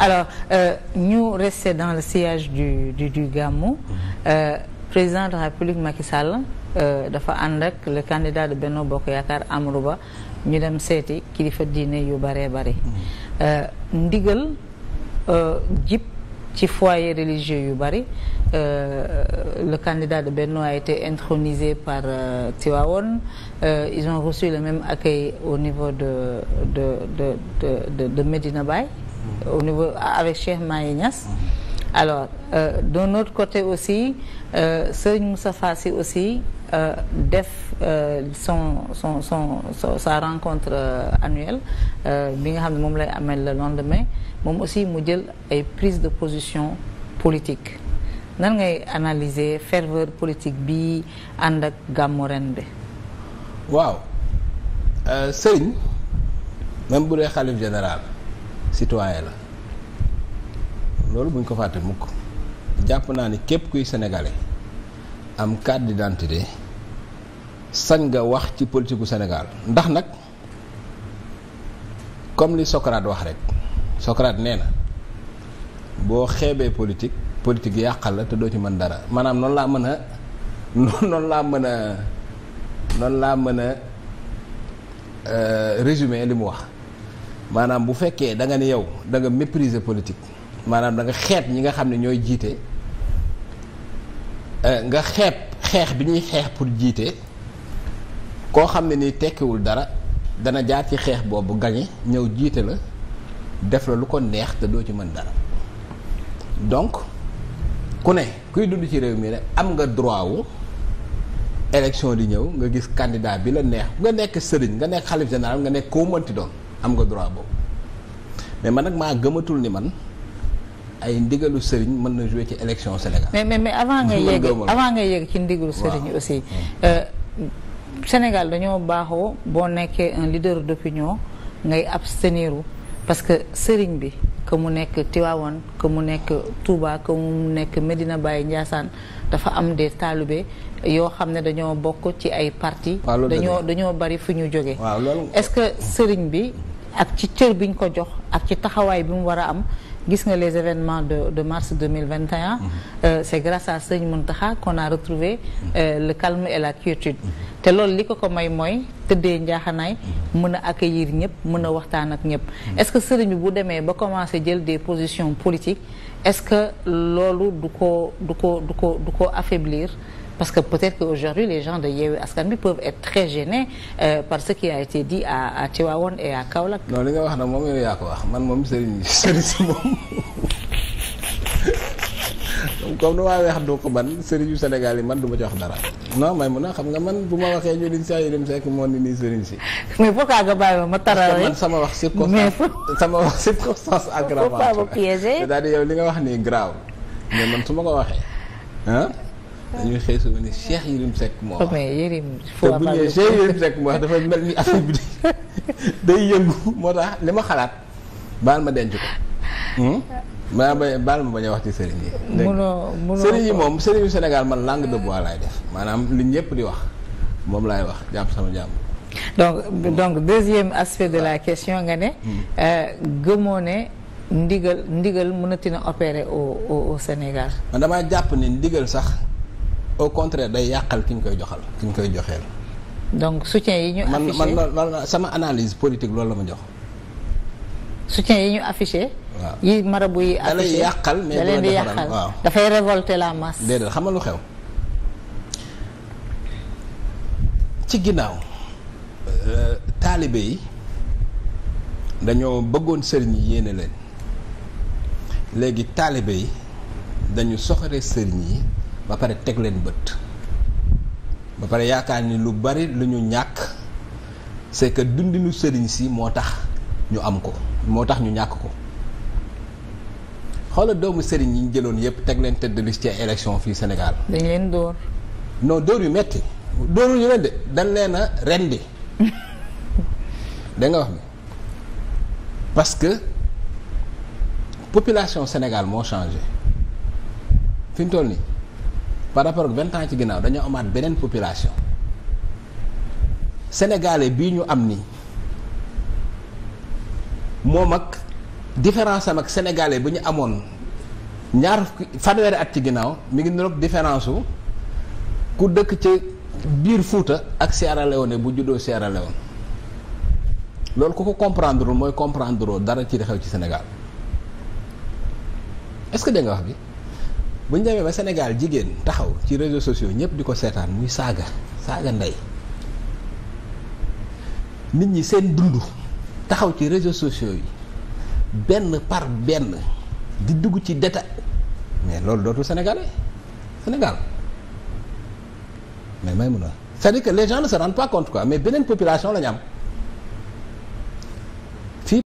alors ñu euh, rester dans le sillage du du du Gamou mhm. euh, président de la République Macky euh, dafa ànd ak le candidat de Benno Bokk Yaakaar Amadou Ba ñu dem seeti kilifa diine yu bëree bëri mhm. euh, ndigal euh, jip ci foyer religieux yu bëri le candidat de Benno a été intronisé par euh, Tivaouane euh, ils ont reçu le même accueil au niveau de de de de de, de Medina au niveau avec Cheikh Mahi Niass mm-hmm. alors euh, d'un autre côté aussi euh, Serigne Moustapha si aussi Euh, def euh, son, son son son sa rencontre euh, euh, bi nga xam ne moom lay amel le lendemain moom aussi mu jël ay prise de position politique nan ngay analyser ferveur politique bi ànd ak gàmmoren bi waaw euh, sëñ même bu dee xalif général citoyen la loolu buñ ko fàtte mukk jàpp naa ni képp kuy sénégalais am carte d'identité sañ nga wax ci politiku Sénégal ndax nag comme li Socrate wax rek Socrate nee na boo xeebee politique politique yàqal la te doo ci mën dara maanaam noonu laa mën a noonu laa mën a noonu laa mën a euh, résumer li mu wax maanaam bu fekkee da nga ne yow danga nga mépriser politique maanaam da nga xeeb ñi nga xam ne ñooy jiite euh, nga xeeb xeex bi ñuy xeex pour jiite koo xam ne ni tekkiwul dara dana jaar ci xeex boobu gañe ñëw jiite la def la lu ko neex te doo ci mën dara donc ku ne kuy dund ci réew mi rek am nga droit wu élection di ñëw nga gis candidat bi la neex nga nekk sëriñ nga nekk xalif général nga nekk koo mënti doon am nga droit boobu mais man nag maa gëmatul ni man ay ndigalu sëriñ mën na jouer ci élection Sénégal. mais mais mais avant ngay yegg avant ngay yegg ci ndigalu sëriñ aussi. Hmm. Euh, Sénégal dañoo baaxoo boo nekkee un leader d'opinion ngay ab abstenir parce que sëriñ bi que mu nekk Tivaouane que mu nekk Touba que mu nekk médina bàyyi Ndiassane dafa am des talibés yoo xam ne dañoo bokk ci ay partie dañoo dañoo bari fu ñu jógee. est que sëriñ bi. ak ci cër bi ñu ko jox ak ci taxawaay bi mu war a am gis nga les événements de de mars 2021 mhm. euh, c'est grâce à Sëñ Mountakha kon a retrouvé euh, le calme et la quiétude mhm. te loolu li ko ko may mooy tëddee njaaxanaay mën a accueillir ñëpp mën a waxtaan ak ñëpp mhm. est-ce que sëriñ bi bu demee ba commencer jël des positions politiques est-ce que loolu du ko du ko du ko du ko affaiblir parce que peut-être qu'aujourd'hui les gens de Yewwi Askan Wi peuvent être très gênés euh, par ce qui a été dit à à Tivaouane et à Kaolack. non li nga wax nag moom yow yaa ko wax man moom Serigne Serigne si moom comme nu waa weex doo ko man Serigne yu Sénégal yi man du ma ci wax dara. non may mun a xam nga man bu ma waxee ñu ne saa yu dem sekk moo ne nii Serigne si. mais pourquoi nga bàyyi ma ma tarare man sama wax circonstance sama wax circonstance aggravante. cest à li nga wax nii grave mais man su ma ko dañuy xëy suba ni Cheikh Yérim Seck moo wax. Oh, mais Yérim te bu ñu dafa mel ni affaire bi day yëngu moo tax li ma xalaat baal ma denc ko. maa hmm? ba baal ma bañ wax ci sëriñ yi. dégg sëriñ yi moom sëriñ Sénégal man langue de bois laay def maanaam li ñëpp di wax moom laay wax jàpp sama jàmm. donc donc deuxième aspect de la question nga ne. Hmm. Euh, gëmoo ne ndigal ndigal mënati na opérer au au au Sénégal. damaa jàpp ni ndigal sax. au contraire day yàqal ki ñu koy joxal ki ñu koy joxeel. donc soutien yi ñu. affiché man sama analyse politique loolu la ma jox. soutien yi ñu affiché. waaw yi marabu yi. affiché da yàqal mais waaw. dafay révolter la masse. déedéet xam nga lu xew ci ginnaaw. Euh, taalibe yi dañoo bëggoon sëriñ yi yéene leen léegi taalibe yi dañu soxore sëriñ yi. ba pare teg leen bët ba pare yaakaar ni lu bari lu ñu ñàkk c'est que dundinu sëriñ si moo tax ñu am ko moo tax ñu ñàkk ko xoolal doomu sëriñ yi ñu jëloon yëpp teg leen tête de liste ci élection fii Sénégal. dañ leen dóor. noo dóor yu metti dóoru ñu leen de dañ leen a rendi da wax bi parce que population Sénégal moo changé fi mu toll nii. par rapport ak vingt ans ci ginnaaw dañoo amaat beneen population sénégalais bii ñu am ni moom ak différence am ak sénégalais bi ñu amoon ñaar fanweeri at ci ginnaaw mi ngi niroog différence su ku dëkk ci biir Fuuta ak Sierra Leone bu juddoo Sierra Leone loolu ku ko comprendre mooy comprendre dara ci xew ci Sénégal est-ce que dégg nga wax bi. bu ñu demee ba Sénégal jigéen taxaw ci réseaux sociaux ñëpp di ko seetaan muy saaga saaga ndey nit ñi seen dund taxaw ci réseau sociaux yi benn par benn di dugg ci détail mais loolu dootul sénégalais Sénégal mais may mun a c'est-à-dire que les gens compte quoi mais beneen population la ñu am.